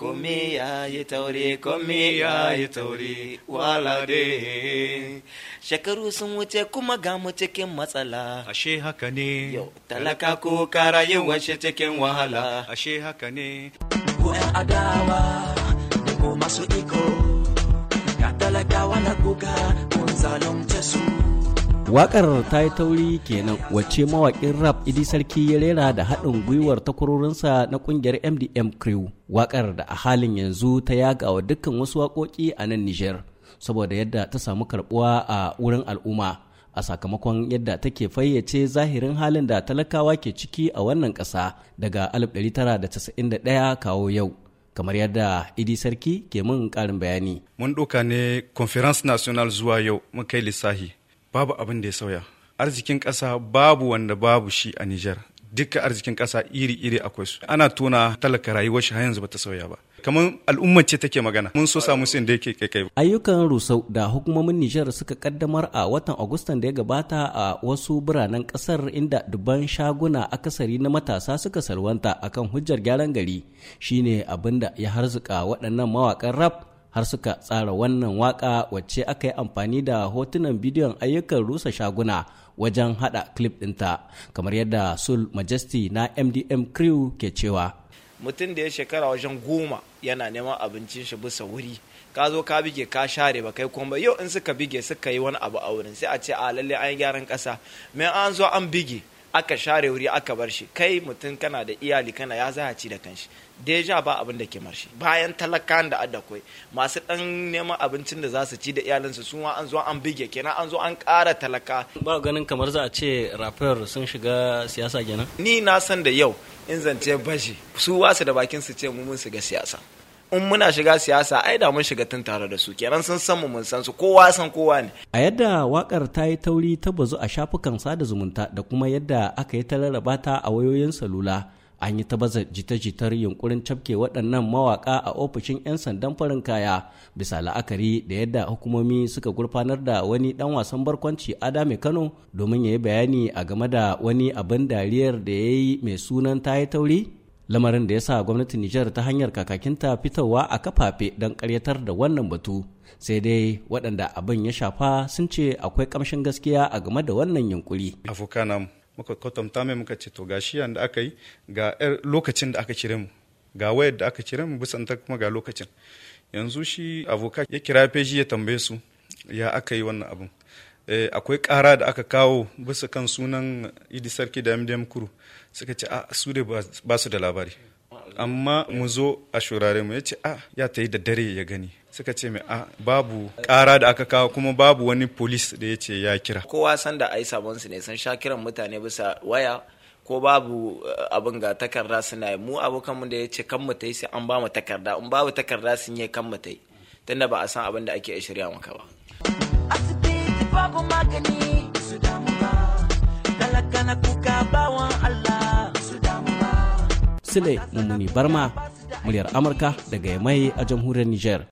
komi ya yi taure komi ya yi taure walade shekaru sun wuce kuma ga mu cikin matsala ashe haka ne talaka ko kara yin washe cikin wahala ashe haka ne ku yan adawa da ku masu iko ga talakawa na kuka Wakar ta yi tauri kenan wacce mawaƙin rap Idi Sarki ya rera da haɗin gwiwar takwarorinsa na ƙungiyar MDM Crew. Wakar da a halin yanzu ta yaga wa dukkan wasu waƙoƙi a nan Nijar saboda yadda ta samu karɓuwa a wurin al'umma a sakamakon yadda take fayyace zahirin halin da talakawa ke ciki a wannan ƙasa daga 1991 kawo yau. kamar yadda idi sarki ke mun ƙarin bayani mun ɗauka ne conference national zuwa yau mun kai lissahi babu abin da ya sauya arzikin ƙasa babu wanda babu shi a Nijar duka arzikin ƙasa iri-iri akwai su ana tona talaka rayuwar shi har yanzu bata sauya ba kamar al'ummar ce take magana mun so samu sin da yake kai ayyukan rusau da hukumomin Nijar suka kaddamar a watan Agustan da ya gabata a wasu biranen ƙasar inda dubban shaguna akasari na matasa suka salwanta akan hujjar gyaran gari shine abinda ya harzuka waɗannan mawakan rap har suka tsara wannan waka wacce aka yi amfani da hotunan bidiyon ayyukan rusa shaguna wajen hada clip dinta kamar yadda sul majesty na mdm crew ke cewa mutum da ya shekara wajen goma yana neman abincin shi bisa wuri ka zo ka bige ka share ba kai kuma yau in suka bige suka yi wani abu a wurin sai a ce a lalle an yi gyaran kasa me an zo an bige aka share wuri aka bar shi kai mutum kana da iyali kana ya za ci da kanshi deja ba abin da ke marshi bayan talakan da adda koi masu dan neman abincin da za su ci da iyalinsu sun an zo an bige kenan an zo an ƙara talaka ba ganin kamar za a ce rafayar sun shiga siyasa kenan ni na san da yau in zance bashi su wasu da bakin su ce mu mun shiga siyasa in muna shiga siyasa ai da mun shiga tun tare da su kenan sun san mu mun san su kowa san kowa ne a yadda wakar ta yi tauri ta bazu a shafukan sada zumunta da kuma yadda aka yi ta ta a wayoyin salula an yi ta baza jita-jitar yunkurin cafke waɗannan mawaka a ofishin 'yan sandan farin kaya bisa la'akari da yadda hukumomi suka gurfanar da wani dan wasan barkwanci adame kano domin ya yi bayani a game da wani abin dariyar da ya yi mai sunan ta yi tauri lamarin da ya sa gwamnatin Nijar ta hanyar kakakinta fitowa a kafafe don karyatar da wannan batu sai dai waɗanda abin ya shafa sun ce akwai ƙamshin gaskiya a game da wannan yunkuri. Afukanam muka kwatanta mai muka ce to ga shi da aka yi ga lokacin da aka cire mu ga wayar da aka cire mu ta kuma ga lokacin yanzu shi avoka ya kira feji ya tambaye su ya aka yi wannan abin Eh, akwai kara da aka kawo bisa kan sunan idi sarki da mdm kuru suka ce a ah, su da ba su da labari amma mu zo a shurare mu ya ce a ah, ya ta yi da dare ya gani suka ce mai a ah, babu ƙara da aka kawo kuma babu wani polis da ya ce ya kira kowa san da ai sabon su ne san sha kiran mutane bisa waya ko babu eh, abin ga takarda suna yi mu abokan mu da ya ce kan mutai sai an ba mu takarda in babu takarda sun yi kan mutai tunda ba a san abin da ake shirya maka ba. babu magani su damuwa talaka na kuka bawan Allah su damuwa Sule Mummuni Barma muryar Amurka daga Yamai a jamhuriyar Nijar.